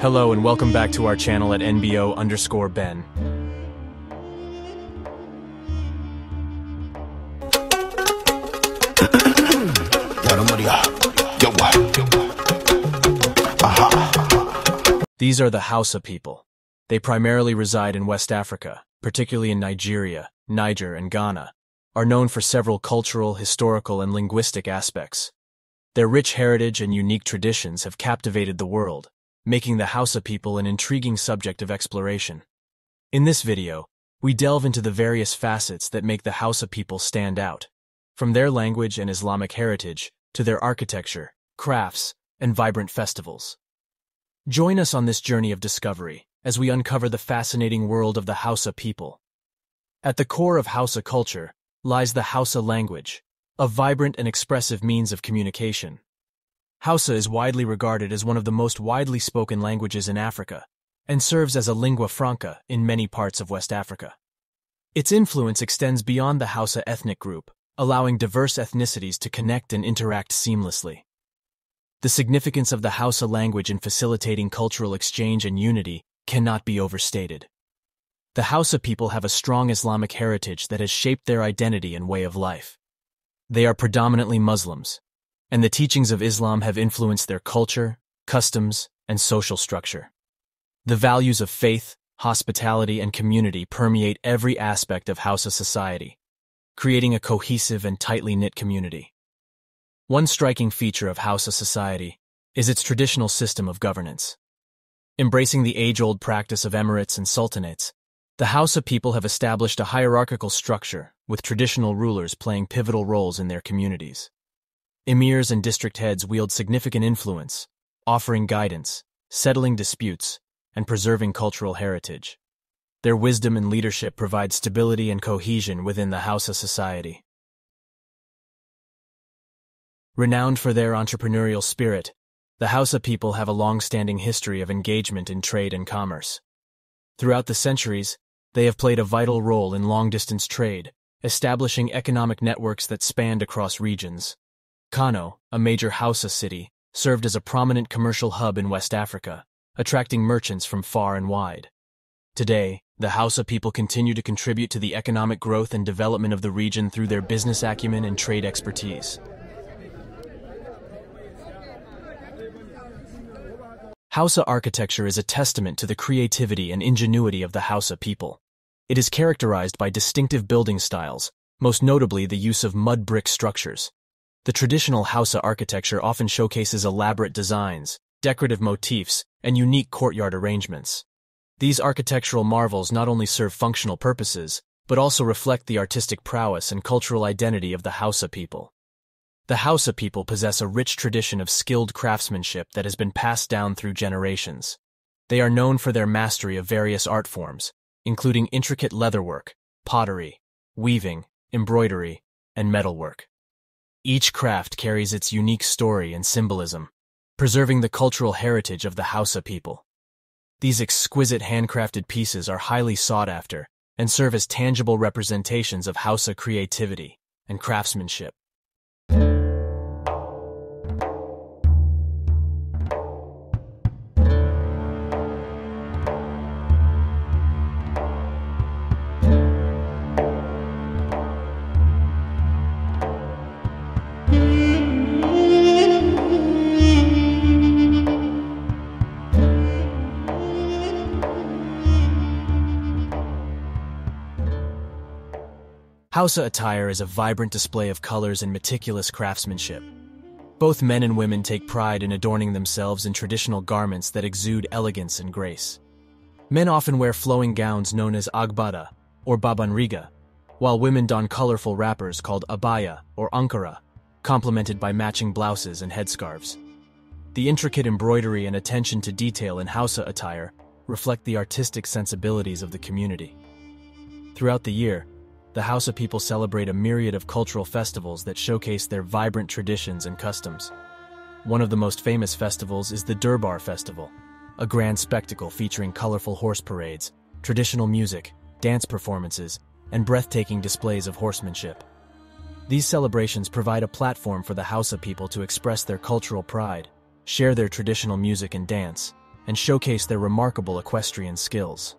Hello and welcome back to our channel at NBO underscore Ben. These are the Hausa people. They primarily reside in West Africa, particularly in Nigeria, Niger, and Ghana, are known for several cultural, historical, and linguistic aspects. Their rich heritage and unique traditions have captivated the world, making the Hausa people an intriguing subject of exploration. In this video, we delve into the various facets that make the Hausa people stand out, from their language and Islamic heritage to their architecture, crafts, and vibrant festivals. Join us on this journey of discovery as we uncover the fascinating world of the Hausa people. At the core of Hausa culture lies the Hausa language, a vibrant and expressive means of communication. Hausa is widely regarded as one of the most widely spoken languages in Africa, and serves as a lingua franca in many parts of West Africa. Its influence extends beyond the Hausa ethnic group, allowing diverse ethnicities to connect and interact seamlessly. The significance of the Hausa language in facilitating cultural exchange and unity cannot be overstated. The Hausa people have a strong Islamic heritage that has shaped their identity and way of life. They are predominantly Muslims, and the teachings of Islam have influenced their culture, customs, and social structure. The values of faith, hospitality, and community permeate every aspect of Hausa society, creating a cohesive and tightly knit community. One striking feature of Hausa society is its traditional system of governance. Embracing the age-old practice of emirates and sultanates, the Hausa people have established a hierarchical structure, with traditional rulers playing pivotal roles in their communities. Emirs and district heads wield significant influence, offering guidance, settling disputes, and preserving cultural heritage. Their wisdom and leadership provide stability and cohesion within the Hausa society. Renowned for their entrepreneurial spirit, the Hausa people have a long-standing history of engagement in trade and commerce. Throughout the centuries, they have played a vital role in long-distance trade, establishing economic networks that spanned across regions. Kano, a major Hausa city, served as a prominent commercial hub in West Africa, attracting merchants from far and wide. Today, the Hausa people continue to contribute to the economic growth and development of the region through their business acumen and trade expertise. Hausa architecture is a testament to the creativity and ingenuity of the Hausa people. It is characterized by distinctive building styles, most notably the use of mud brick structures. The traditional Hausa architecture often showcases elaborate designs, decorative motifs, and unique courtyard arrangements. These architectural marvels not only serve functional purposes, but also reflect the artistic prowess and cultural identity of the Hausa people. The Hausa people possess a rich tradition of skilled craftsmanship that has been passed down through generations. They are known for their mastery of various art forms, including intricate leatherwork, pottery, weaving, embroidery, and metalwork. Each craft carries its unique story and symbolism, preserving the cultural heritage of the Hausa people. These exquisite handcrafted pieces are highly sought after and serve as tangible representations of Hausa creativity and craftsmanship. Hausa attire is a vibrant display of colors and meticulous craftsmanship. Both men and women take pride in adorning themselves in traditional garments that exude elegance and grace. Men often wear flowing gowns known as agbada, or babanriga, while women don colorful wrappers called abaya or ankara, complemented by matching blouses and headscarves. The intricate embroidery and attention to detail in Hausa attire reflect the artistic sensibilities of the community. Throughout the year, the Hausa people celebrate a myriad of cultural festivals that showcase their vibrant traditions and customs. One of the most famous festivals is the Durbar Festival, a grand spectacle featuring colorful horse parades, traditional music, dance performances, and breathtaking displays of horsemanship. These celebrations provide a platform for the Hausa people to express their cultural pride, share their traditional music and dance, and showcase their remarkable equestrian skills.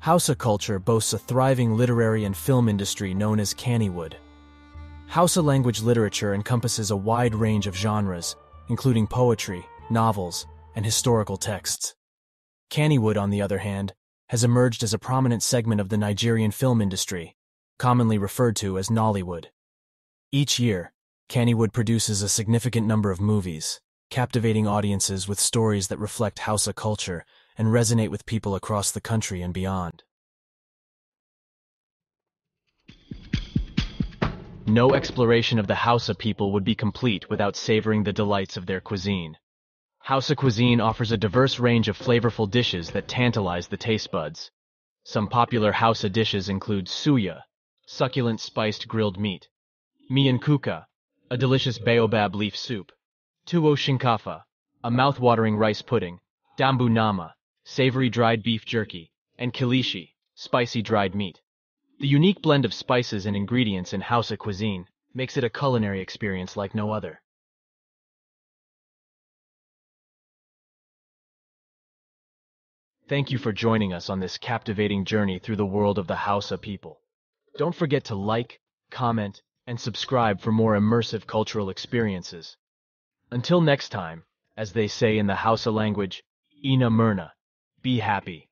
Hausa culture boasts a thriving literary and film industry known as Cannywood. Hausa language literature encompasses a wide range of genres, including poetry, novels, and historical texts. Cannywood, on the other hand, has emerged as a prominent segment of the Nigerian film industry, commonly referred to as Nollywood. Each year, Cannywood produces a significant number of movies, captivating audiences with stories that reflect Hausa culture and resonate with people across the country and beyond. No exploration of the Hausa people would be complete without savoring the delights of their cuisine. Hausa cuisine offers a diverse range of flavorful dishes that tantalize the taste buds. Some popular Hausa dishes include suya, succulent spiced grilled meat, miyankuka, kuka, a delicious baobab leaf soup, tuoshinkafa, shinkafa, a mouth-watering rice pudding, dambu nama, savory dried beef jerky, and kilishi, spicy dried meat. The unique blend of spices and ingredients in Hausa cuisine makes it a culinary experience like no other. Thank you for joining us on this captivating journey through the world of the Hausa people. Don't forget to like, comment, and subscribe for more immersive cultural experiences. Until next time, as they say in the Hausa language, Ina Myrna be happy.